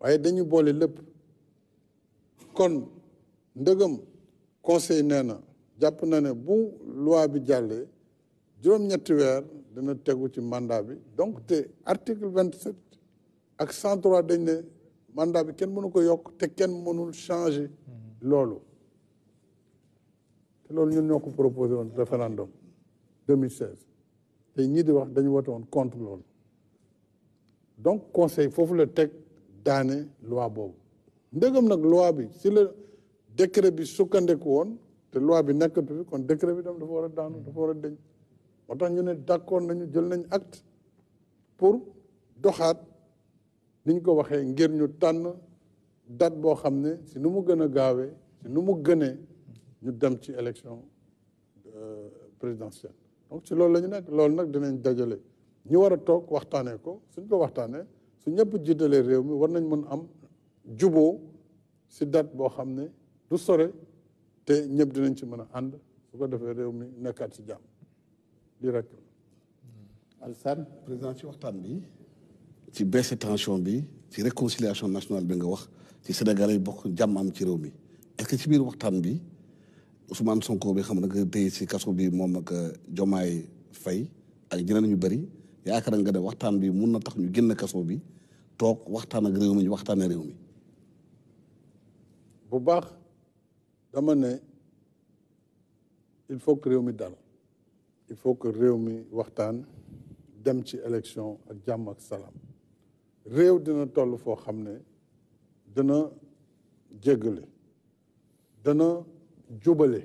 waaye dañu boole lépp kon ndëgëm conseil nee na jàpp na ne bu loi bi jàllee juróom-ñetti weer dina tegu ci mandat bi donc te article vingt sept ak cent trois dañ ne mandat bi kenn mënu ko yokk te kenn mënul changer loolu te loolu ñun ñoo ko proposé woon référendum 2016 te ñii di wax dañu wote woon loolu donc conseil foofu la teg daane luwaa boobu ndegam nag loi bi si la décret bi sukkandiku woon te loi bi nekkatu fi kon décret bi dem dafa war a daanu dafa a dëñ moo tax ñu ne d'accord nañu jël nañ acte pour doxaat ni ko waxee ngir ñu tànn date boo xam ne si nu mu gën a gaawee si nu mu gënee ñu dem ci élection euh, présidentielle donc ci loolu lañu ñu nekk loolu nag dinañ dajale ñu war a toog waxtaanee ko suñ ko waxtaanee su ñëpp jiitalee réew mi war nañ mën am juboo si date boo xam ne du sore te ñëpp dinañ ci mën a ànd su ko defee réew mi nekkaat si jàmm di rek hmm. Alassane président ci waxtaan bi ci baisse tension bi ci réconciliation nationale bi nga wax ci Sénégal bokk jàmm am ci réew mi est ci biir waxtaan bi Ousmane Sonko bi xam nag tey ci kaso bi moom ak Jomaay euh, Fay ak ñeneen ñu bëri yaakaar nga ne waxtaan bi mun na tax ñu génn kaso bi toog waxtaan ak réew mi ñu waxtaanee réew mi bu baax dama ne il faut que réew mi dal il faut que réew mi waxtaan dem ci élection ak jàmm ak salaam réew dina toll foo xam ne dana jéggale dana jubale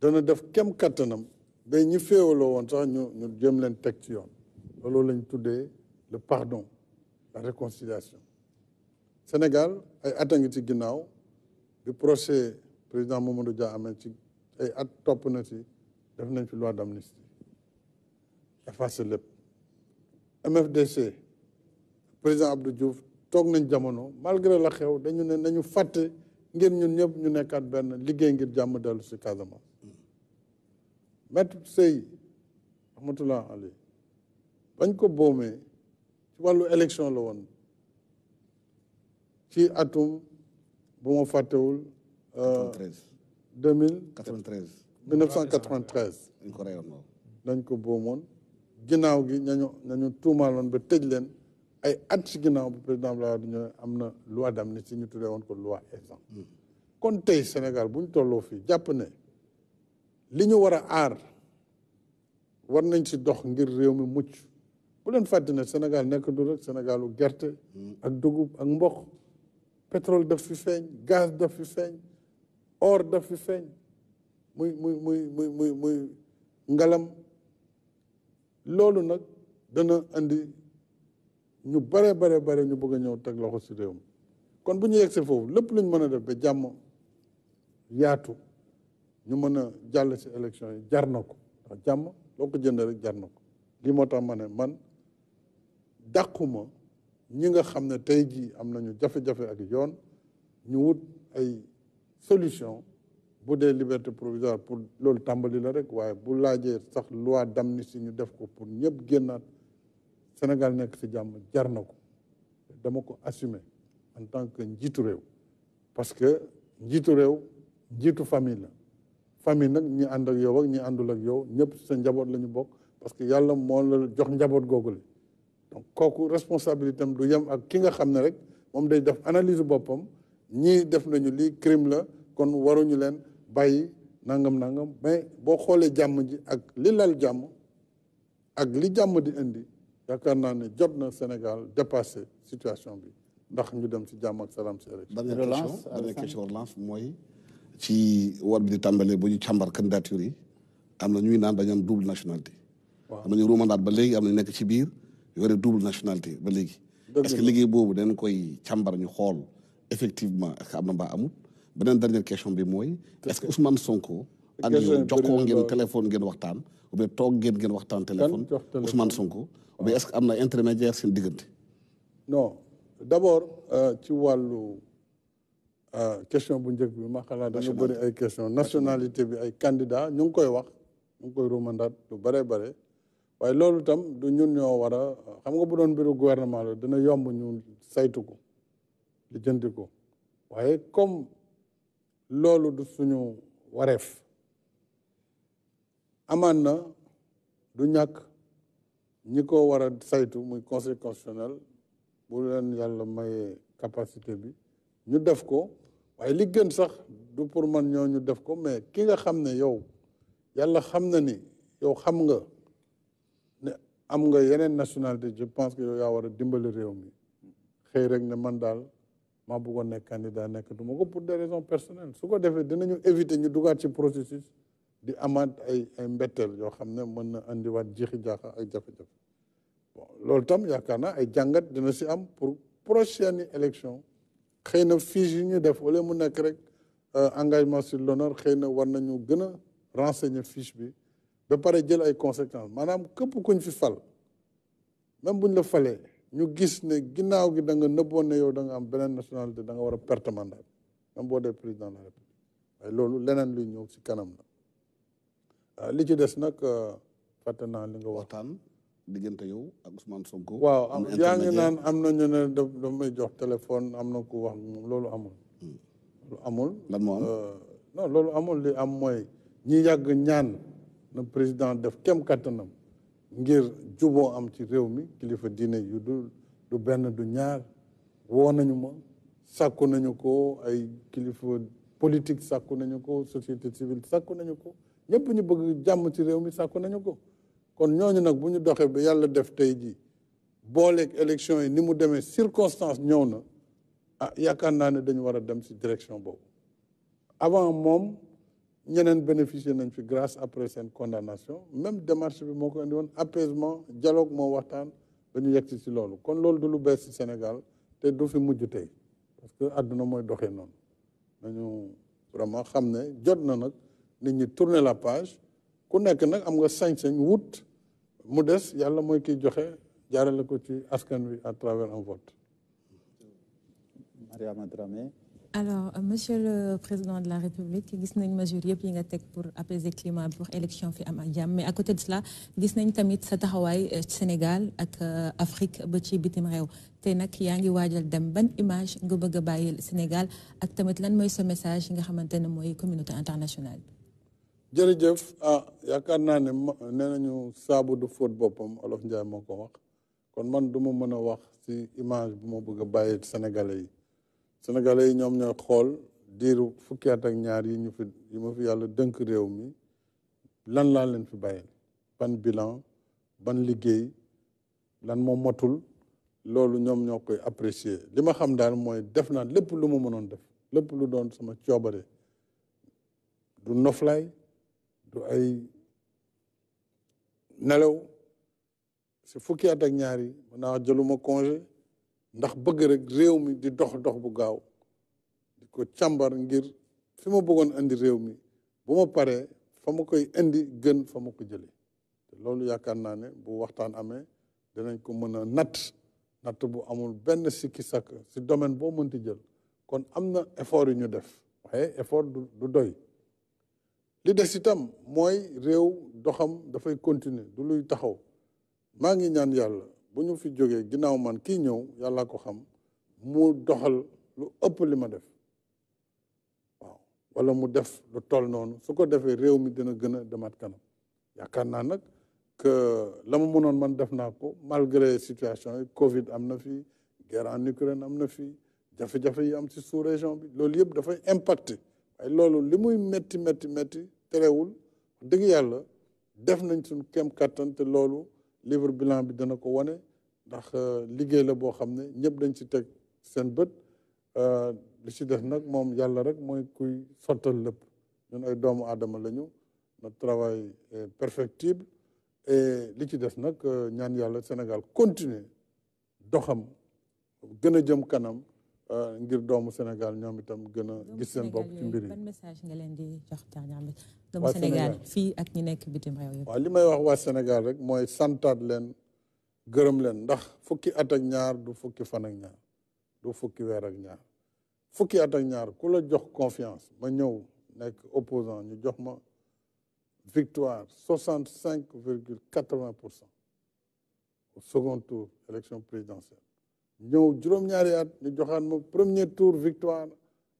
dana def kem kattanam ba ñi féewaloo woon sax ñu ñu jëm leen teg ci yoon loolu lañ tuddee le pardon la réconciliation Sénégal ay at a ngi ci ginnaaw bi procès président Mamadou Dia amee ci ay at topp na ci def nañ fi loi d'amnistie efface lépp MFDC président Abdou Diouf toog nañ jamono malgré la xew dañu ne nañu fàtte ngir ñun ñëpp ñu nekkaat benn liggéey ngir jàmm dellu si Casamance maître Sey Ahmatullah Ali bañ ko boomee ci wàllu élection la woon ci atum bu ma fàttewul. 2013 euh, 2093. 1993. dañ ko reyoon moom. dañ ko boomoon ginnaaw gi ñañu ñañu tuumaaloon ba tëj leen ay at si ginnaaw bi président Abdoulaye Wade ñu ne am na loi d'amnistie ñu tuddee woon ko loi Ezzan. Hmm. kon tey Sénégal bu ñu tolloo fii jàpp ne li ñu war a aar war nañ si dox ngir réew mi mucc bu leen fàtte ne Sénégal nekk du rek Sénégalu gerte. Hmm. ak dugub ak mboq. pétrole daf fi feeñ gaz daf fi feeñ or daf fi feeñ. muy muy muy muy muy muy ngalam loolu nag dana andi ñu bare bare bare ñu bëgg a ñëw teg loxo si réew mi kon bu ñu yegsee foofu lépp lu ñu mën a def ba jàmm yaatu ñu mën a jàll si élection yi jar na ko ndax jàmm loo ko jënd rek jar na ko lii moo tax ma ne man dàquma ñi nga xam ne tey jii am nañu jafe-jafe ak yoon ñu wut ay solution bu dee liberté provisoire pour loolu tàmbali la rek waaye bu laajee sax dam ni suñu def ko pour ñëpp génnaat Sénégal nekk si jàmm jar na ko dama ko assumer en tant que njiitu réew parce que njiitu réew njiitu famille la famille nag ñi ànd ak yow ak ñi àndul ak yow ñëpp sa njaboot la ñu bokk parce que yàlla moo la jox njaboot googu la donc kooku responsabilité am du yem ak ki nga xam ne rek moom day def analyse boppam ñii def nañu li crime la kon waruñu leen bàyyi nangam nangam mais boo xoolee jàmm ji ak li jàmm ak li jàmm di indi yaakaar naa ne jot na Sénégal dépassé situation bi ndax ñu dem ci jàmm ak salaam ci élection. dernière question relance mooy ci war bi tàmbalee bu ñu càmbar candidature yi am na ñuy naan dañu am double nationalité. waaw am na ñu ruumandaat ba léegi am na ñu nekk ci biir yore double nationalité ba léegi. est-ce que liggéey boobu dañ koy càmbar ñu xool effectivement est am na mbaa amul. beneen dernière question bi mooy. est-ce que Ousmane Sonko. ak yow jokkoo ngeen téléphone ngeen waxtaan. ou bien toog ngeen ngeen waxtaan téléphone Ousmane Sonko. ou bien est-ce que am na intermédiaire seen diggante. non d'abord euh, ci wàllu euh, question bu njëkk bi ma xalaat da nga bëri ay question nationalité bi ay candidat ñu ngi koy wax ñu ngi koy rumandaat lu bare bare waaye loolu itam du ñun ñoo war a xam nga bu doon mbiru gouvernement la dana yomb ñu saytu ko lijjanti waaye comme loolu du suñu wareef amaan na du ñàkk ñi ko war a saytu muy conseil constitutionnel bu leen yàlla mayee capacité bi ñu def ko waaye li gën sax du pour man ñoo ñu def ko mais ki nga xam ne yow yàlla xam na ni yow xam nga ne am nga yeneen nationalité je pense que yaa war a dimbali réew mi xëy rek ne man daal maa bëggoon nekk candidat nekk du ma ko pour des raisons personnelles su ko defee dinañu éviter ñu dugaat ci processus di amaat ay ay yoo xam ne mën na andiwaat jeexi jaaxa ak jafe-jafe bon loolu tam yaakaar naa ay jàngat dina si am pour prochaine élection xëy na fiche yi ñu def wala mu nekk rek euh, engagement sur l'honneur xëy na war nañu gën a renseigner fiche bi ba pare jël ay conséquences maanaam képp koñ fi fal même buñ la falee ñu gis ne ginnaaw gi da nga nëbboon ne yow da nga am beneen nationalité da nga war a perte mandat même de président la république waaye loolu leneen luy ñëw si kanam la ah, li ci des nag euh, fàtte naa li nga waxtaan diggante yow ak Ousmane Sonko. waaw am yaa ngi naan am na ñu ne may jox téléphone am na ku wax moom loolu amul. Hmm. amul. lan euh, loolu amul li am mooy ñi yàgg ñaan na président def kem kattanam. ngir juboo am ci réew mi kilifa diine yu du du benn du ñaar woo nañu ma sàkku nañu ko ay kilifa politique sàkku nañu ko société civile sàkku nañu ko ñëpp ñu bëgg jàmm ci réew mi sàkku nañu ko kon ñooñu nag bu ñu doxee ba yàlla def tey ji booleeg élection yi ni mu demee circonstance ñëw na ah yaakaar naa ne dañu war a dem si direction boobu avant moom ñeneen bénéficier nañ fi grâce après seen condamnation même démarche bi moo ko indi woon apaisement dialogue moo waxtaan ba ñu yegg si loolu kon loolu du lu bees si Sénégal te du fi mujj tey parce que àdduna mooy doxee noonu nañu vraiment xam ne jot na nag nit ñi tourner la page ku nekk nag am nga sañ-sañ wut mu des yàlla mooy kiy joxe jaarale ko ci askan wi à travers un vote. alors euh, monsieur le président de la république gis nañ mesure yëpp yi nga teg pour apaiser climat bi wax élection fi am ak jàmm mais à côté de gis nañ tamit sa taxawaay euh, Sénégal ak euh, Afrique ba ci bitim réew te nag yaa ngi waajal dem ban image nga bëgg a bàyyi Sénégal ak tamit lan mooy sa message yi nga xamante ne mooy communauté internationale bi jërëjëf ah yaakaar naa ne nee nañu saabu du fóot boppam olof Njaay moo ko wax kon man du ma mën a wax si image bu ma bëgg a yi sénégalais yi ñoom ñoo xool diiru fukki at ak ñaar yi ñu fi yi ma fi yàlla dënk réew mi lan laa leen fi bàyyil ban bilan ban liggéey lan moom motul loolu ñoom ñoo koy apprécier li ma xam daal mooy def naa lépp lu mu mënoon def lépp lu doon sama coobare du noflaay du ay nelaw si fukki ak ñaar yi mën jëluma congé ndax bëgg rek réew mi di dox dox bu gaaw di ko càmbar ngir fi ma bëggoon indi réew mi bu ma paree fa ma koy indi gën fa ma ko jëlee loolu yaakaar naa ne bu waxtaan amee dinañ ko mën a natt natt bu amul benn sikki sàkk si domaine boo mënti jël kon am na effort yu ñu def waaye effort du doy li des itam mooy réew doxam dafay continuer du luy taxaw maa ngi ñaan yàlla bu ñu fi jógee ginnaaw man kii ñëw yàlla ko xam mu doxal lu ëpp li ma def waaw wala mu def lu toll noonu su ko defee réew mi dina gën a demaat kanam yaakaar naa nag que lamu ma mënoon man def naa ko malgré situation yi Covid am na fi guerre en Ukraine am na fi jafe-jafe yi am ci sous région bi loolu yëpp dafay impacté waaye loolu li muy métti métti métti terewul dëgg yàlla def nañ suñ kem kattan te loolu livre bilan bi dana ko wane ndax euh, liggéey la boo xam ne ñëpp dañ si teg seen bët euh, li ci def nag moom yàlla rek mooy kuy sottal lépp ñun ay doomu aadama lañu notre travail est perfectible et li ci def nag euh, ñaan yàlla Sénégal continuer doxam gën a jëm kanam Euh, ngir doomu Sénégal ñoom itam gën a gis seen bopp ci mbir yi ban message nga leen di jox ak ñi nekk bitim réew li may wax waa Sénégal rek mooy santaat leen gërëm leen ndax fukki at ak ñaar du fukki fan ak ñaar du fukki weer ak ñaar fukki at ak ñaar ku la jox confiance ma ñëw nekk opposant ñu jox ma victoire soixante cinq virgule quatre-vingt pour cent au tour élection présidentielle ñëw juróom-ñaari at ñu joxaat ma premier tour victoire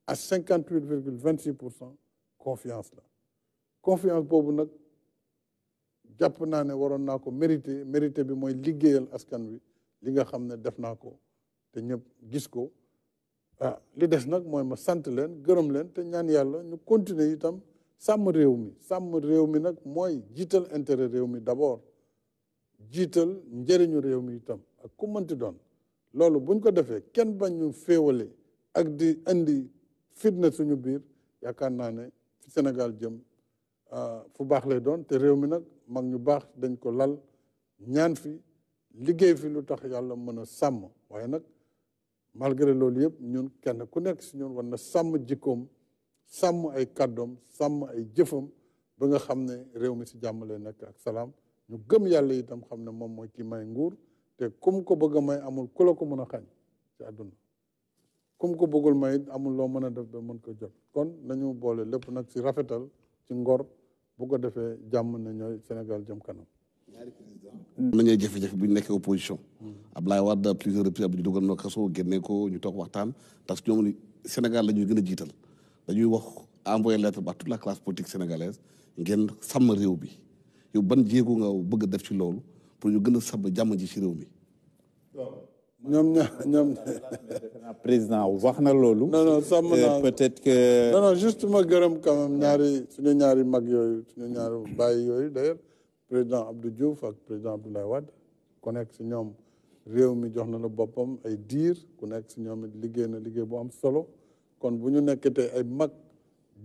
à cinquante huit virgule vingt six pour cent confiance la confiance boobu nag jàpp naa ne waroon naa ko mérité mérité bi mooy liggéeyal askan wi li nga xam ne def naa ko te ñëpp gis ko ah li des nag mooy ma sant leen gërëm leen te ñaan yàlla ñu continuer itam sàmm réew mi sàmm réew mi nag mooy jiital intérêt réew mi d'abord jiital njëriñu réew mi itam ak ku mënti doon loolu buñ ko defee kenn bañ ñu féewale ak di indi fitna suñu biir yaakaar naa ne fi Sénégal jëm ah, fu baax lay doon te réew mi nag mag ñu baax dañ ko lal ñaan fi liggéey fi lu tax yàlla mën a sàmm waaye nag malgré loolu yëpp ñun kenn ku nekk si ñun war na sàmm jikkoom sàmm ay kàddoom sàmm ay jëfam ba nga xam ne réew mi si jàmm lay nekk ak salaam ñu gëm yàlla itam xam ne moom mooy kii may nguur te kum ko bëgg may amul ku la ko mën a xañ si àdduna kum ko bëggul may amul loo mën a def ba mën ko jot kon nañu boole lépp nag si rafetal ci ngor bu ko defee jàmm na ñooy Sénégal jëm kanam am nañu jafe-jafe bu ñu nekkee opposition hmm. Ablaye Wade plusieurs reprises ab ñu dugal noo kaso génne ko ñu toog waxtaan parce que ñoom Sénégal la ñuy gën a jiital dañuy wax envoyé lettre à toute la classe politique sénégalaise ngeen sama réew bi yow ban jéego nga bëgg def ci loolu pour ñu gën a sàmm jàmm ji ci réew mi. ñoom ña ñoom. wax na loolu. non non sàmm euh, naa juste ma gërëm quand ñaari suñu ñaari mag yooyu suñu ñaari bàyyi yooyu d'ailleurs président Abdou Diouf ak président Abdoulaye Wade ku nekk si ñoom réew mi jox na la boppam ay diir ku nekk si ñoom it liggéey na liggéey bu am solo kon bu ñu nekkatee ay mag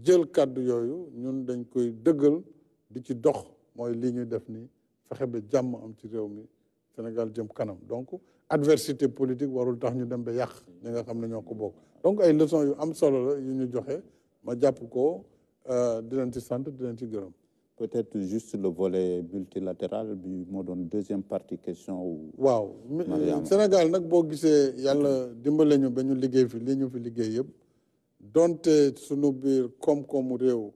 jël kàddu yooyu ñun dañ koy dëggal di ci dox mooy lii ñuy def nii. fexe ba jàmm am ci réew mi Sénégal jëm kanam donc adversité politique warul tax ñu dem ba yàq ñi nga xam ne ñoo ko bokk donc ay leçon yu am solo la yu ñu joxe ma jàpp ko euh, di leen ci sant di leen ci gërëm. peut-être juste le volet multilatéral bi moo doon deuxième partie question. waaw euh, Sénégal nag boo gisee yàlla dimbale ñu ba ñu liggéey fi li ñu fi liggéey yëpp donte sunu biir koom-koomu réew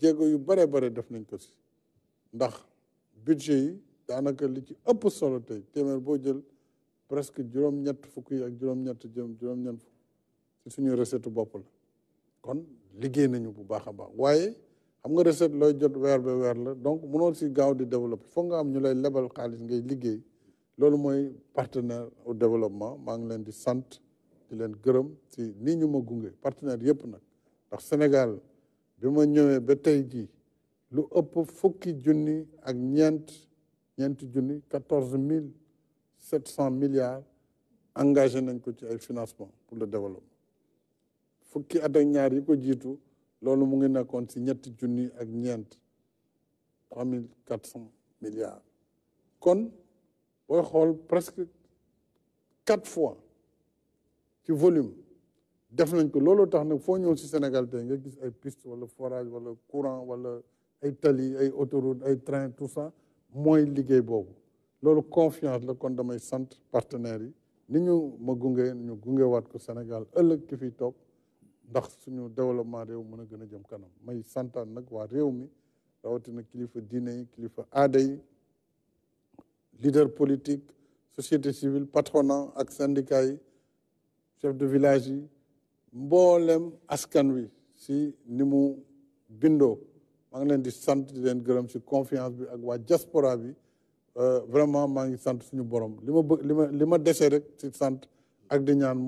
jéego yu bare bare def nañ ko ndax. budget yi daanaka li ci ëpp solo tey téeméer boo jël presque juróom-ñett fukk yi ak juróom-ñett juróom-ñett fukk ci suñu recette bopp la kon liggéey nañu bu baax a baax waaye xam nga recette looy jot weer ba weer la donc mënoo si gaaw di développer foog nga am ñu lay lebal xaalis ngay liggéey loolu mooy partenaire au développement maa ngi leen di sant di leen gërëm si nii ñu ma gunge partenaire yëpp nag ndax Sénégal bi ma ñëwee ba tey jii lu ëpp fukki junni ak ñeent ñeenti junni quatorze mille sept cent milliards engagé nañ ko ci ay financement pour le développement fukki at ñaar yi ko jiitu loolu mu ngi nekkoon si ñetti junni ak ñeent trois mille quatre cent milliards kon booy xool presque quatre fois ci volume def nañ ko loolu tax nag foo ñëw ci Sénégal tey nga gis ay piste wala forage wala courant wala ay tali ay autoroute ay train tout ça mooy liggéey boobu loolu confiance la kon damay sant partenaires yi ni ñu ma gunge ñu gungewaat ko Sénégal ëllëg ki fi toog ndax suñu développement réew mën a gën a jëm kanam may santaan nag waa réew mi rawatina kilifa diine yi kilifa aada yi leader politique société civile patronat ak syndicat yi chef de village yi mboolem askan wi si ni mu bindoo maa ngi leen di sant di leen gërëm si confiance bi ak waa diaspora bi euh, vraiment maa ngi sant suñu borom li ma bëgg li ma li ma dese rek ci sant ak di ñaan